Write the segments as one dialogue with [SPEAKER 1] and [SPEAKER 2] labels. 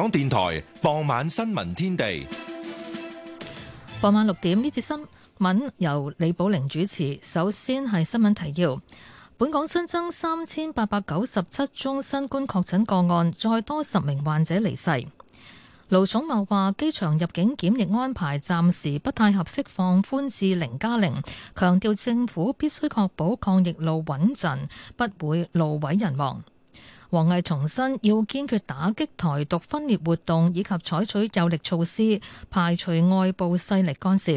[SPEAKER 1] 香港電台傍晚新聞天
[SPEAKER 2] 地。
[SPEAKER 3] 傍晚六點，呢節新聞由李寶玲主持。首先係新聞提要：本港新增三千八百九十七宗新冠確診個案，再多十名患者離世。盧寵茂話：機場入境檢疫安排暫時不太合適，放寬至零加零。強調政府必須確保抗疫路穩陣，不會路毀人亡。王毅重申，要堅決打擊台獨分裂活動以及採取有力措施排除外部勢力干涉。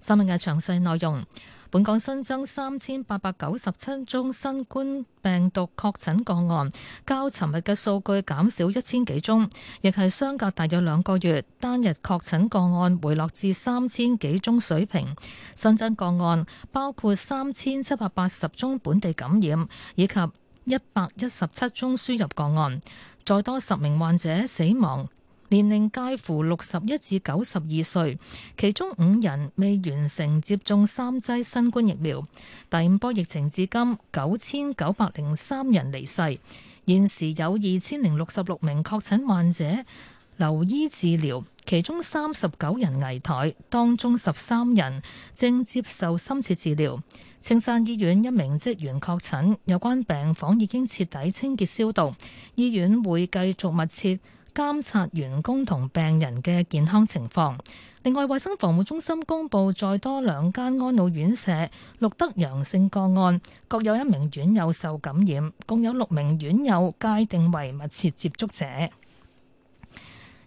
[SPEAKER 3] 新聞嘅詳細內容：本港新增三千八百九十七宗新冠病毒確診個案，較尋日嘅數據減少一千幾宗，亦係相隔大約兩個月，單日確診個案回落至三千幾宗水平。新增個案包括三千七百八十宗本地感染，以及一百一十七宗輸入個案，再多十名患者死亡，年齡介乎六十一至九十二歲，其中五人未完成接種三劑新冠疫苗。第五波疫情至今九千九百零三人離世，現時有二千零六十六名確診患者留醫治療，其中三十九人危殆，當中十三人正接受深切治療。青山醫院一名職員確診，有關病房已經徹底清潔消毒，醫院會繼續密切監察員工同病人嘅健康情況。另外，衛生防護中心公布再多兩間安老院舍錄得陽性個案，各有一名院友受感染，共有六名院友界定為密切接觸者。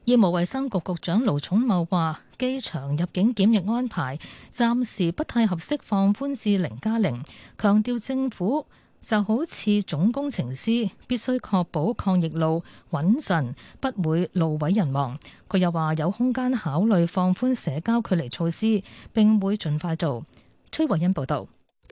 [SPEAKER 3] 醫務衛生局局長盧寵茂話：機場入境檢疫安排暫時不太合適放寬至零加零，強調政府就好似總工程師，必須確保抗疫路穩陣，不會路毀人亡。佢又話有空間考慮放寬社交距離措施，並會儘快做。崔慧
[SPEAKER 4] 欣報道。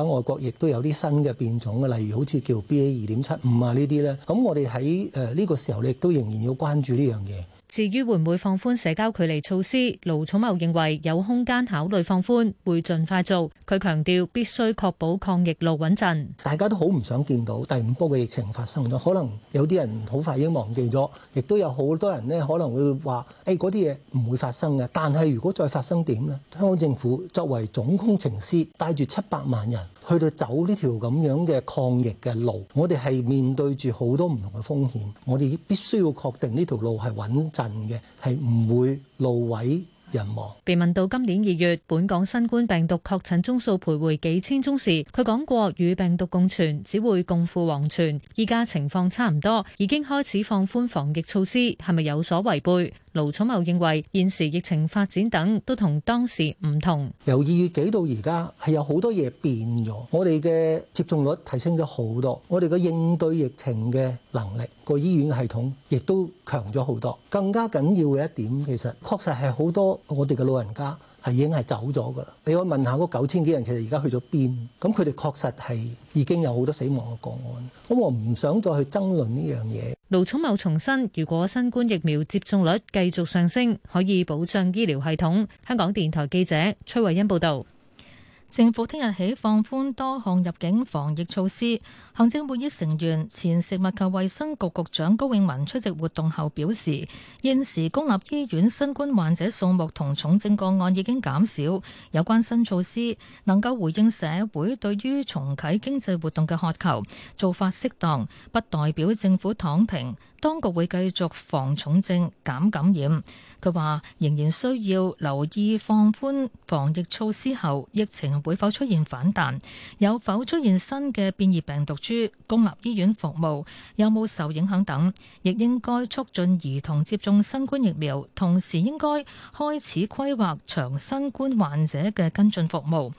[SPEAKER 2] 喺外國亦都有啲新嘅變種，例如好似叫 BA 二點七五啊呢啲咧。咁我哋喺誒呢個時候咧，亦都仍然要關注呢樣嘢。
[SPEAKER 4] 至於會唔會放寬社交距離措施？盧寵茂認為有空間考慮放寬，會盡快做。佢強調必須確保抗疫路穩陣。
[SPEAKER 2] 大家都好唔想見到第五波嘅疫情發生咗，可能有啲人好快已經忘記咗，亦都有好多人呢可能會話，誒嗰啲嘢唔會發生嘅。但係如果再發生點呢？香港政府作為總工程師，帶住七百萬人，去到走呢條咁樣嘅抗疫嘅路，我哋係面對住好多唔同嘅風險，我哋必須要確定呢條路係穩陣嘅，係唔會路毀人亡。
[SPEAKER 4] 被問到今年二月本港新冠病毒確診宗數徘徊幾千宗時，佢講過與病毒共存只會共赴黃泉。依家情況差唔多，已經開始放寬防疫措施，係咪有所違背？盧寵茂認為，現時疫情發展等都同當時唔同。
[SPEAKER 2] 由二月幾到而家，係有好多嘢變咗。我哋嘅接種率提升咗好多，我哋嘅應對疫情嘅能力，個醫院系統亦都強咗好多。更加緊要嘅一點，其實確實係好多我哋嘅老人家係已經係走咗噶啦。你可以問下嗰九千幾人，其實而家去咗邊？咁佢哋確實係已經有好多死亡嘅個案。咁我唔想再去爭論呢樣嘢。
[SPEAKER 4] 盧寵茂重申，如果新冠疫苗接種率繼續上升，可以保障醫療系統。香港電台記者崔慧欣報道。政府聽日
[SPEAKER 3] 起放寬多項入境防疫措施。行政會議成員、前食物及衛生局局長高永文出席活動後表示，現時公立醫院新冠患者數目同重症個案已經減少，有關新措施能夠回應社會對於重啟經濟活動嘅渴求，做法適當，不代表政府躺平。當局會繼續防重症、減感染。佢話，仍然需要留意放寬防疫措施後疫情會否出現反彈，有否出現新嘅變異病毒株，公立醫院服務有冇受影響等，亦應該促進兒童接種新冠疫苗，同時應該開始規劃長新冠患者嘅跟進服務。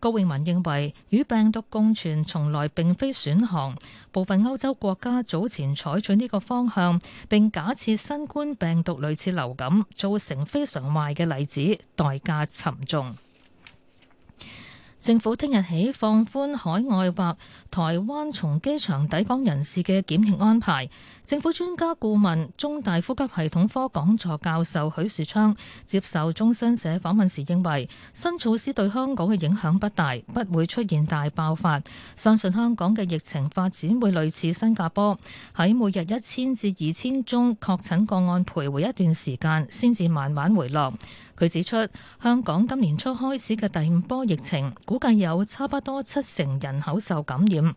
[SPEAKER 3] 高永文認為，與病毒共存從來並非選項，部分歐洲國家早前採取呢個方向，並假設新冠病毒類似流感，造成非常壞嘅例子，代價沉重。政府聽日起放寬海外或台灣從機場抵港人士嘅檢疫安排。政府專家顧問、中大呼吸系統科講座教授許樹昌接受中新社訪問時認為，新措施對香港嘅影響不大，不會出現大爆發。相信香港嘅疫情發展會類似新加坡，喺每日一千至二千宗確診個案徘徊一段時間，先至慢慢回落。佢指出，香港今年初開始嘅第五波疫情，估計有差不多七成人口受感染。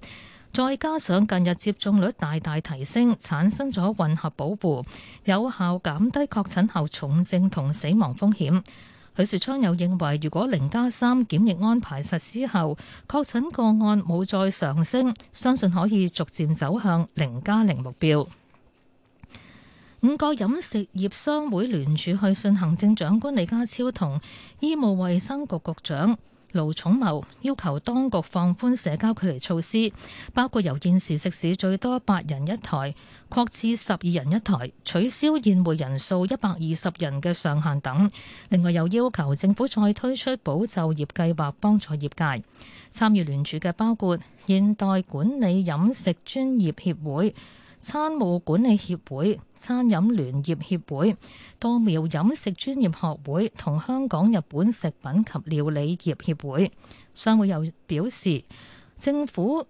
[SPEAKER 3] 再加上近日接種率大大提升，產生咗混合保護，有效減低確診後重症同死亡風險。許樹昌又認為，如果零加三檢疫安排實施後，確診個案冇再上升，相信可以逐漸走向零加零目標。五個飲食業商會聯署去信行政長官李家超同醫務衛生局局長、盧寵茂要求當局放寬社交距離措施，包括由現時食肆最多八人一台，擴至十二人一台，取消宴會人數一百二十人嘅上限等。另外又要求政府再推出保就業計劃，幫助業界參與聯署嘅包括現代管理飲食專業協會。餐務管理協會、餐飲聯業協會、多苗飲食專業學會同香港日本食品及料理業協會，商會又表示，政府，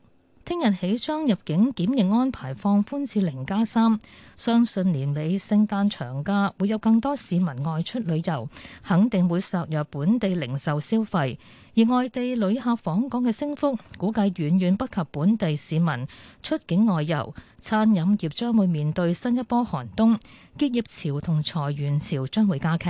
[SPEAKER 3] 聽日起將入境檢疫安排放寬至零加三，相信年尾聖誕長假會有更多市民外出旅遊，肯定會削弱本地零售消費，而外地旅客訪港嘅升幅估計遠遠不及本地市民出境外遊，餐飲業將會面對新一波寒冬，結業潮同裁員潮將會加劇。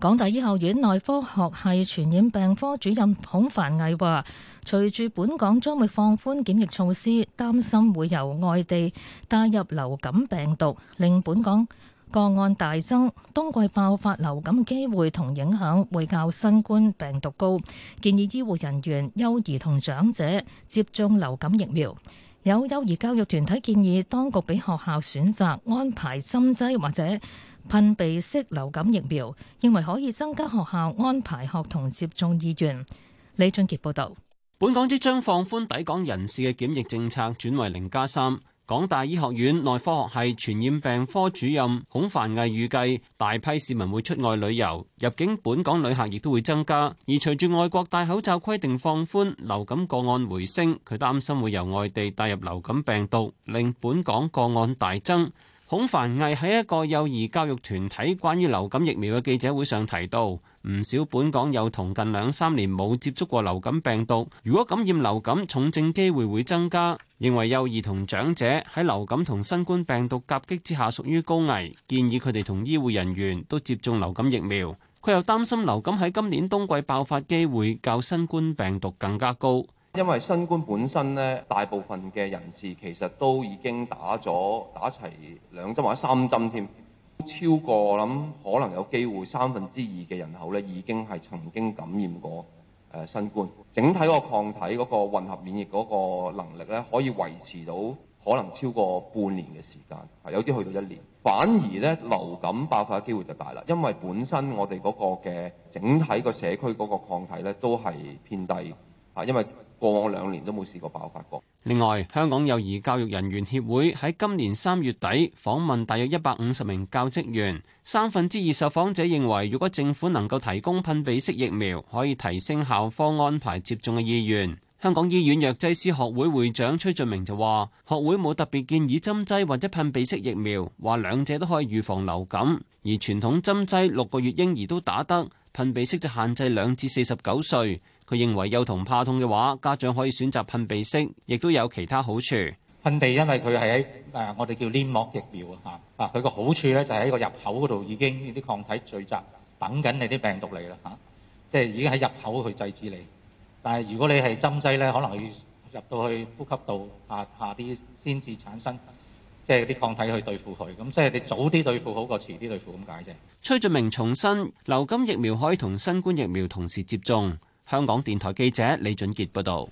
[SPEAKER 3] 港大醫學院內科學系傳染病科主任孔凡毅話，隨住本港將會放寬檢疫措施，擔心會由外地帶入流感病毒，令本港個案大增。冬季爆發流感嘅機會同影響會較新冠病毒高，建議醫護人員、幼兒同長者接種流感疫苗。有幼兒教育團體建議當局俾學校選擇安排針劑或者。噴鼻式流感疫苗，認為可以增加學校安排學童接種意願。李俊杰報道，
[SPEAKER 5] 本港即將放寬抵港人士嘅檢疫政策，轉為零加三。港大醫學院內科學系傳染病科主任孔繁毅預計大批市民會出外旅遊，入境本港旅客亦都會增加。而隨住外國戴口罩規定放寬，流感個案回升，佢擔心會由外地帶入流感病毒，令本港個案大增。孔繁毅喺一個幼兒教育團體關於流感疫苗嘅記者會上提到，唔少本港幼童近兩三年冇接觸過流感病毒，如果感染流感，重症機會會增加。認為幼兒同長者喺流感同新冠病毒夾擊之下，屬於高危，建議佢哋同醫護人員都接種流感疫苗。佢又擔心流感喺今年冬季爆發機會較新冠病毒更加高。因為新冠本身咧，大部分嘅人士其實都已經打咗打齊兩針或者三針添，超過我諗可能有機會三分之二嘅人口咧，已經係曾經感染過誒、呃、新冠，整體個抗體嗰個混合免疫嗰個能力咧，可以維持到可能超過半年嘅時間，係有啲去到一年。反而咧流感爆發嘅機會就大啦，因為本身我哋嗰個嘅整體個社區嗰個抗體咧都係偏低，啊，因為。過往兩年都冇試過爆發過。另外，香港幼兒教育人員協會喺今年三月底訪問大約一百五十名教職員，三分之二受訪者認為，如果政府能夠提供噴鼻式疫苗，可以提升校方安排接種嘅意願。香港醫院藥劑師學會會長崔俊明就話，學會冇特別建議針劑或者噴鼻式疫苗，話兩者都可以預防流感。而傳統針劑六個月嬰兒都打得，噴鼻式就限制兩至四十九歲。佢認為幼童怕痛嘅話，家長可以選擇噴鼻式，亦都有其他好處。噴鼻，因為
[SPEAKER 2] 佢
[SPEAKER 1] 係喺誒我哋叫黏膜疫苗啊嚇啊。佢個好處咧就係喺個入口嗰度已經啲抗體聚集，等緊你啲病毒嚟啦嚇，即係已經喺入口去制止你。但係如果你係針劑咧，可能要入到去呼吸道下下啲先至產生，即係啲抗體去對付佢咁，所以你早啲對付好過遲啲對付咁解啫。
[SPEAKER 5] 崔俊明重申，流感疫苗可以同新冠疫苗同時接種。香港電台記者李俊杰報道，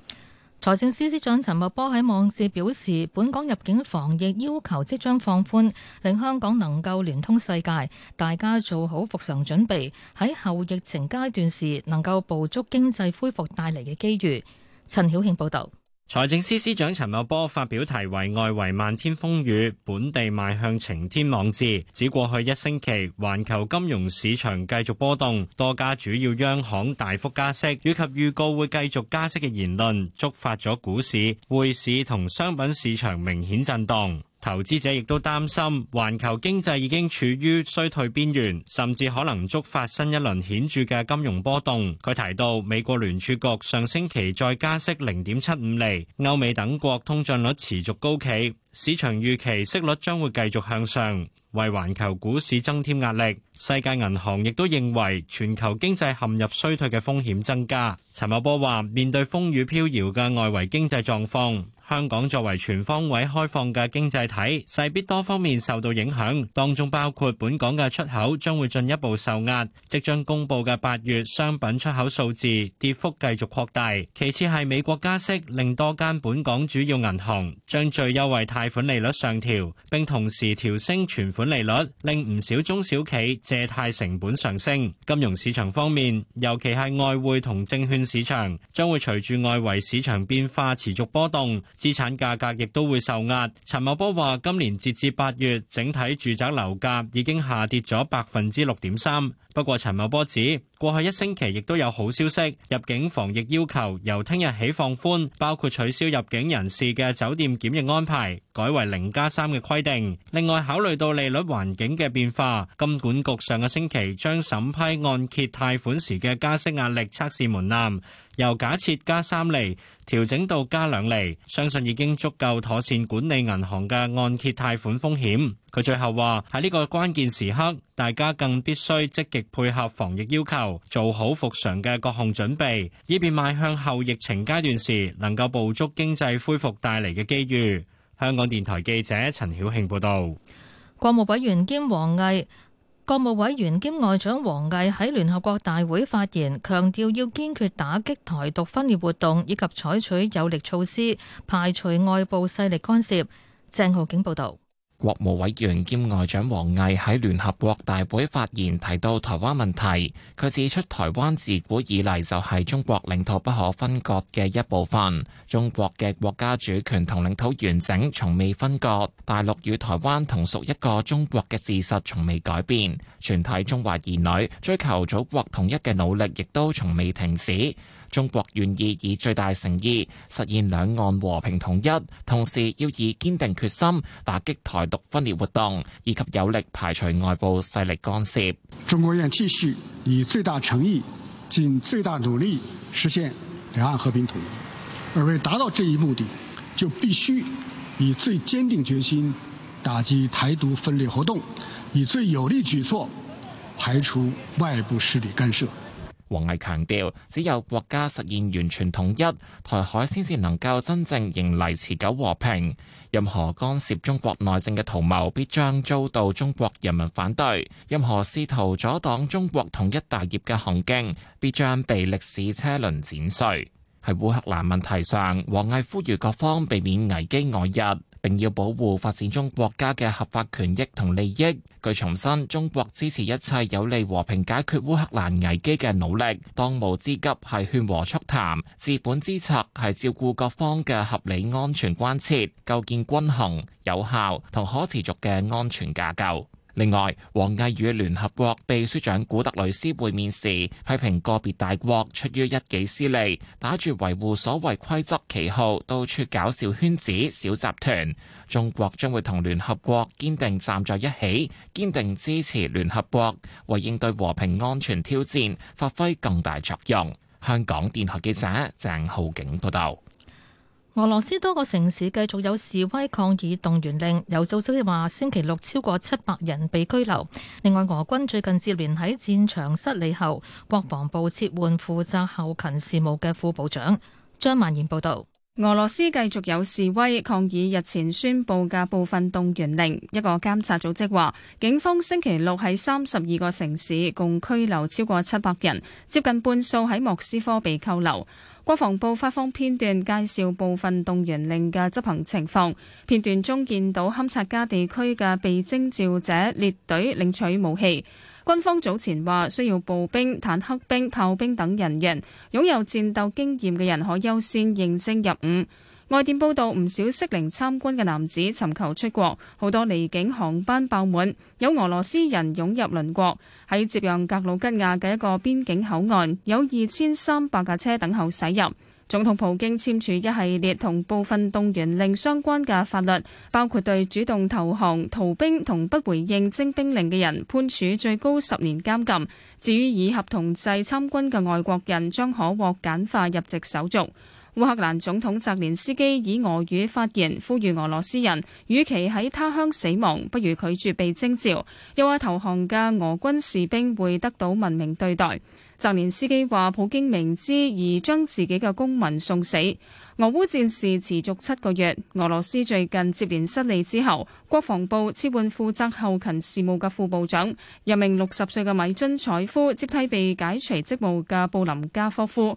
[SPEAKER 3] 財政司司長陳茂波喺網誌表示，本港入境防疫要求即將放寬，令香港能夠聯通世界，大家做好復常準備，喺後疫情階段時能夠捕捉經濟恢復帶嚟嘅機遇。陳曉慶報道。
[SPEAKER 1] 財政司司長陳茂波發表題為《外圍漫天風雨，本地邁向晴天》網誌，指過去一星期，環球金融市場繼續波動，多家主要央行大幅加息，以及預告會繼續加息嘅言論，觸發咗股市、匯市同商品市場明顯震盪。投資者亦都擔心，環球經濟已經處於衰退邊緣，甚至可能觸發新一輪顯著嘅金融波動，佢提到，美國聯儲局上星期再加息零點七五厘，歐美等國通脹率持續高企，市場預期息率將會繼續向上，為環球股市增添壓力。世界銀行亦都認為全球經濟陷入衰退嘅風險增加。陳茂波話面對風雨飄搖嘅外圍經濟狀況，香港作為全方位開放嘅經濟體，勢必多方面受到影響，當中包括本港嘅出口將會進一步受壓。即將公布嘅八月商品出口數字跌幅繼續擴大。其次係美國加息，令多間本港主要銀行將最優惠貸款利率上調，並同時調升存款利率，令唔少中小企借貸成本上升。金融市場方面，尤其係外匯同證券市場，將會隨住外圍市場變化持續波動。資產價格亦都會受壓。陳茂波話：今年截至八月，整體住宅樓價已經下跌咗百分之六點三。不過，陳茂波指過去一星期亦都有好消息，入境防疫要求由聽日起放寬，包括取消入境人士嘅酒店檢疫安排，改為零加三嘅規定。另外，考慮到利率環境嘅變化，金管局上個星期將審批按揭貸款時嘅加息壓力測試門檻，由假設加三厘，調整到加兩厘，相信已經足夠妥善管理銀行嘅按揭貸款風險。佢最後話：喺呢個關鍵時刻，大家更必須積極配合防疫要求，做好復常嘅各項準備，以便邁向後疫情階段時，能夠捕捉經濟恢復帶嚟嘅機遇。香港電台記者陳曉慶報道：
[SPEAKER 3] 「國務委員兼王毅。國務委員兼外長王毅喺聯合國大會發言，強調要堅決打擊台獨分裂活動，以及採取有力措施排除外部勢力干涉。鄭浩景報道。
[SPEAKER 6] 國務委員兼外長王毅喺聯合國大會發言提到台灣問題，佢指出，台灣自古以嚟就係中國領土不可分割嘅一部分，中國嘅國家主權同領土完整從未分割，大陸與台灣同屬一個中國嘅事實從未改變，全體中華兒女追求祖國統一嘅努力亦都從未停止。中國願意以最大誠意實現兩岸和平統一，同時要以堅定決心打擊台獨分裂活動，以及有力排除外部勢力干涉。
[SPEAKER 1] 中國願繼續以最大誠意、盡最大努力實現兩岸和平統一，而為達到這一目的，就必須以最堅定決心打擊台獨分裂活動，以最有力舉措排除外部勢力干涉。
[SPEAKER 6] 王毅強調，只有國家實現完全統一，台海先至能夠真正迎嚟持久和平。任何干涉中國內政嘅圖謀，必將遭到中國人民反對；任何試圖阻擋中國統一大業嘅行徑，必將被歷史車輪碾碎。喺烏克蘭問題上，王毅呼籲各方避免危機外溢。定要保護發展中國家嘅合法權益同利益。據重申，中國支持一切有利和平解決烏克蘭危機嘅努力。當務之急係勸和促談，治本之策係照顧各方嘅合理安全關切，構建均衡、有效同可持續嘅安全架構。另外，王毅與聯合國秘書長古特雷斯會面時，批評個別大國出於一己私利，打着維護所謂規則旗號，到處搞小圈子、小集團。中國將會同聯合國堅定站在一起，堅定支持聯合國為應對和平安全挑戰發揮更大作用。香港電台記者鄭浩景報道。
[SPEAKER 3] 俄羅斯多個城市繼續有示威抗議動員令，有組織話星期六超過七百人被拘留。另外，俄軍最近接連喺戰場失利後，國防部撤換負責後勤事務嘅副部長。
[SPEAKER 7] 張曼然報道。俄羅斯繼續有示威抗議日前宣布嘅部分動員令，一個監察組織話，警方星期六喺三十二個城市共拘留超過七百人，接近半數喺莫斯科被扣留。國防部發放片段介紹部分動員令嘅執行情況，片段中見到堪察加地區嘅被徵召者列隊領取武器。軍方早前話需要步兵、坦克兵、炮兵等人員，擁有戰鬥經驗嘅人可優先應徵入伍。外電報道，唔少適齡參軍嘅男子尋求出國，好多離境航班爆滿，有俄羅斯人湧入鄰國。喺接壤格魯吉亞嘅一個邊境口岸，有二千三百架車等候駛入。總統普京簽署一系列同部分動員令相關嘅法律，包括對主動投降、逃兵同不回應徵兵令嘅人判處最高十年監禁。至於以合同制參軍嘅外國人，將可獲簡化入籍手續。烏克蘭總統澤連斯基以俄語發言，呼籲俄羅斯人，與其喺他鄉死亡，不如拒絕被徵召。又話投降嘅俄軍士兵會得到文明對待。澤連斯基話：普京明知而將自己嘅公民送死。俄烏戰事持續七個月，俄羅斯最近接連失利之後，國防部撤換負責後勤事務嘅副部長，任命六十歲嘅米津采夫接替被解除職務嘅布林加科夫。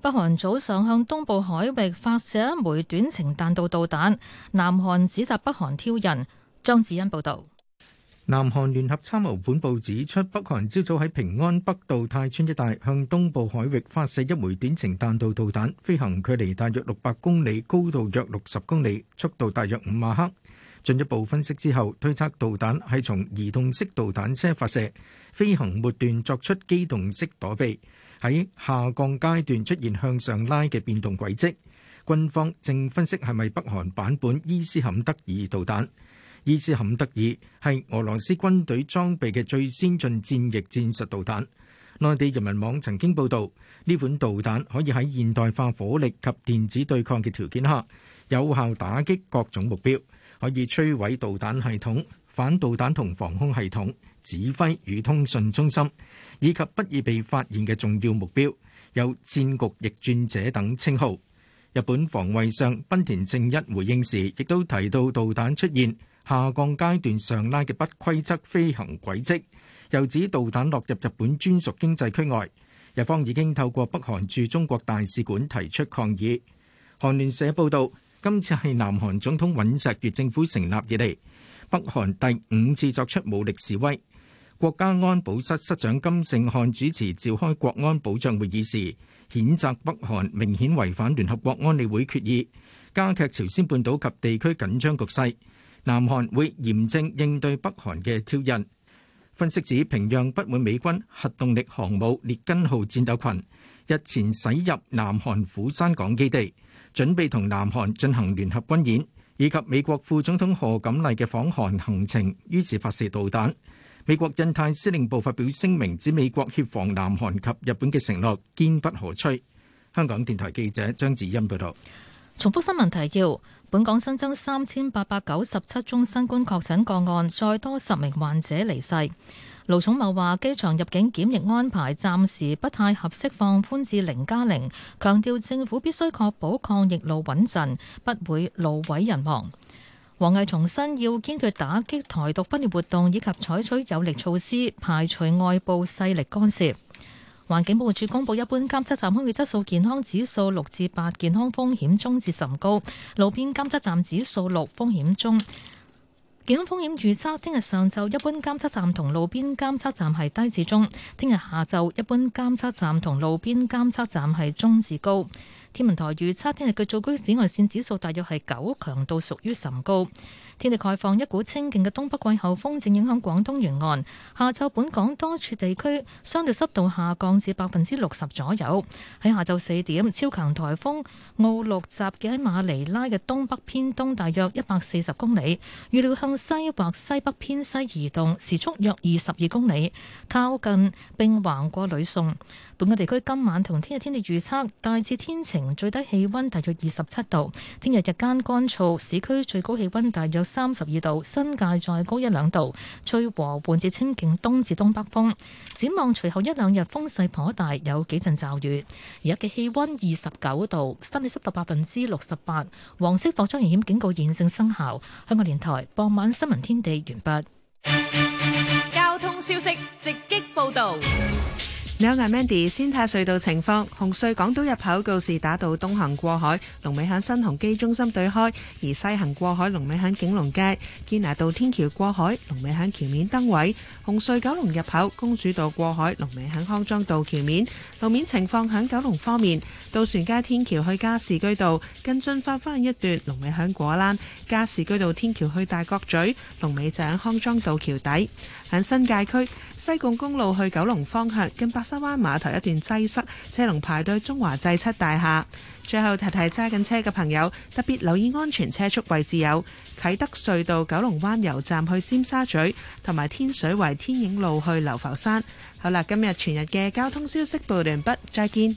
[SPEAKER 7] 北韓早上向東
[SPEAKER 3] 部海域發射一枚短程彈道導彈，南韓指責北韓挑釁。張子欣報導。
[SPEAKER 8] 南韓聯合參謀本部指出，北韓朝早喺平安北道泰川一帶向東部海域發射一枚短程彈道導彈，飛行距離大約六百公里，高度約六十公里，速度大約五馬赫。進一步分析之後，推測導彈係從移動式導彈車發射，飛行末段作出機動式躲避。喺下降階段出現向上拉嘅變動軌跡，軍方正分析係咪北韓版本伊斯坎德爾導彈。伊斯坎德爾係俄羅斯軍隊裝備嘅最先進戰役戰術導彈。內地人民網曾經報道，呢款導彈可以喺現代化火力及電子對抗嘅條件下，有效打擊各種目標，可以摧毀導彈系統、反導彈同防空系統、指揮與通訊中心，以及不易被發現嘅重要目標，有戰局逆轉者等稱號。日本防衛相，濱田正一回應時，亦都提到導彈出現下降階段上拉嘅不規則飛行軌跡，又指導彈落入日本專屬經濟區外。日方已經透過北韓駐中國大使館提出抗議。韓聯社報導，今次係南韓總統尹錫悅政府成立以嚟，北韓第五次作出武力示威。國家安保室室長金聖翰主持召開國安保障會議時，譴責北韓明顯違反聯合國安理會決議，加劇朝鮮半島及地區緊張局勢。南韓會嚴正應對北韓嘅挑釁。分析指，平壤不滿美軍核動力航母列根號戰鬥群日前駛入南韓釜山港基地，準備同南韓進行聯合軍演，以及美國副總統何錦麗嘅訪韓行程，於是發射導彈。美國印太司令部發表聲明，指美國協防南韓及日本嘅承諾堅不可摧。香港電台記者張子欣報道。
[SPEAKER 3] 重複新聞提要，本港新增三千八百九十七宗新冠確診個案，再多十名患者離世。盧寵茂話，機場入境檢疫安排暫時不太合適，放寬至零加零，強調政府必須確保抗疫路穩陣，不會路毀人亡。王毅重申要堅決打擊台獨分裂活動，以及採取有力措施排除外部勢力干涉。環境保護署公布一般監測站空氣質素健康指數六至八，健康風險中至甚高；路邊監測站指數六，風險中。健康風險預測：聽日上晝一般監測站同路邊監測站係低至中；聽日下晝一般監測站同路邊監測站係中至高。天文台預測，聽日嘅最高紫外線指數大約係九，強度屬於甚高。天氣概況，一股清勁嘅東北季候風正影響廣東沿岸。下晝本港多處地區相對濕度下降至百分之六十左右。喺下晝四點，超強颱風奧鹿集結喺馬尼拉嘅東北偏東，大約一百四十公里，預料向西或西北偏西移動，時速約二十二公里，靠近並橫過呂宋。本港地區今晚同聽日天氣預測大致天晴，最低氣温大約二十七度。聽日日間乾，乾燥，市區最高氣温大約三十二度，新界再高一兩度，吹和緩至清勁東至東北風。展望隨後一兩日風勢頗大，有幾陣驟雨。而家嘅氣温二十九度，相對濕度百分之六十八，黃色暴風雨險警告現正生效。香港電台傍晚新聞天地完畢。
[SPEAKER 4] 交通消息直擊報道。
[SPEAKER 3] 兩眼 Mandy，先睇隧道情況。紅隧港島入口告士打道東行過海，龍尾喺新鴻基中心對開；而西行過海龍尾喺景隆街。堅拿道天橋過海，龍尾喺橋面燈位。紅隧九龍入口公主道過海，龍尾喺康莊道橋面。路面情況喺九龍方面。渡船街天橋去加士居道跟進發返一段龍尾響果欄，加士居道天橋去大角咀龍尾就喺康莊道橋底。喺新界區西貢公路去九龍方向近白沙灣碼頭一段擠塞車龍排隊，中華製七大廈。最後提提揸緊車嘅朋友，特別留意安全車速位置，有啟德隧道九龍灣油站去尖沙咀，同埋天水圍天影路去流浮山。好啦，今日全日嘅交通消息報完畢，再見。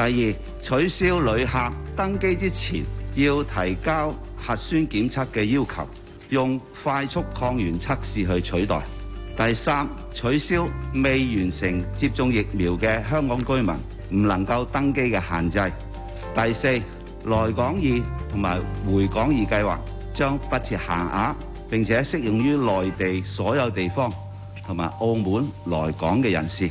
[SPEAKER 2] 第二，取消旅客登機之前要提交核酸檢測嘅要求，用快速抗原測試去取代。第三，取消未完成接種疫苗嘅香港居民唔能夠登機嘅限制。第四，來港易同埋回港易計劃將不設限額，並且適用於內地所有地方同埋澳門來港嘅人士。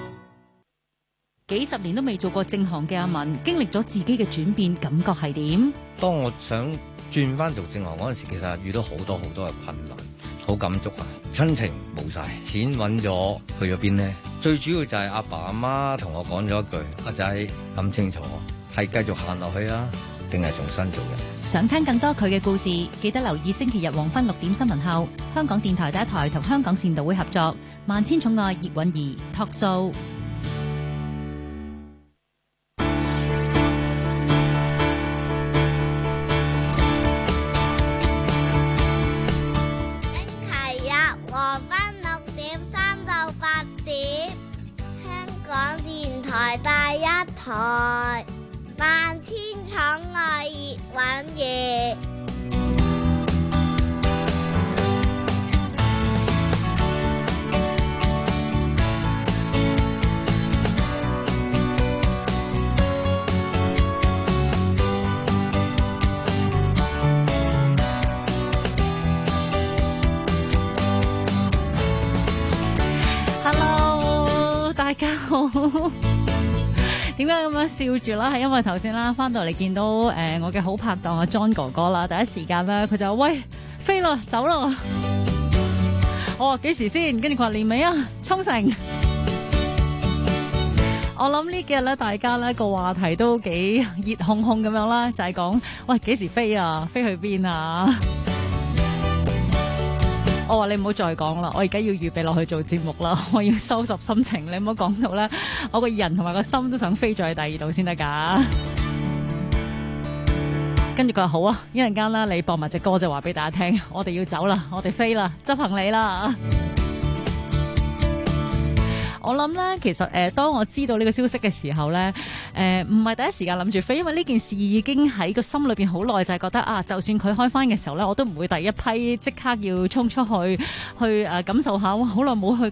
[SPEAKER 4] 幾十年都未做過正行嘅阿文，嗯、經歷咗自己嘅轉變，感覺係點？
[SPEAKER 1] 當我想轉翻做正行嗰陣時，其實遇到好多好多嘅困難，好感觸啊！親情冇晒，錢揾咗去咗邊呢？最主要就係阿爸阿媽同我講咗一句：阿仔
[SPEAKER 2] 諗清楚，係繼續行落去啊，定係重新做人？
[SPEAKER 4] 想聽更多佢嘅故事，記得留意星期日黃昏六點新聞後，香港電台第一台同香港善導會合作《萬千寵愛葉蘊儀》Talk Show。
[SPEAKER 1] 台萬千寵愛葉蘊
[SPEAKER 4] 儀。Hello，大家好。點解咁樣笑住啦？係因為頭先啦，翻到嚟，見到誒，我嘅好拍檔阿 John 哥哥啦，第一時間咧，佢就喂飛咯，走咯！我話幾時先？跟住佢話年尾啊，沖繩。 我諗呢幾日咧，大家咧個話題都幾熱烘烘咁樣啦，就係、是、講喂，幾時飛啊？飛去邊啊？ 我話你唔好再講啦，我而家要預備落去做節目啦，我要收拾心情，你唔好講到咧，我個人同埋個心都想飛咗去第二度先得噶。 跟住佢話好啊，一陣間啦，你播埋隻歌就話俾大家聽，我哋要走啦，我哋飛啦，執行李啦。 我諗咧，其實誒、呃，當我知道呢個消息嘅時候咧，誒、呃，唔係第一時間諗住飛，因為呢件事已經喺個心裏邊好耐，就係覺得啊，就算佢開翻嘅時候咧，我都唔會第一批即刻要衝出去去誒、呃、感受下，我好耐冇去。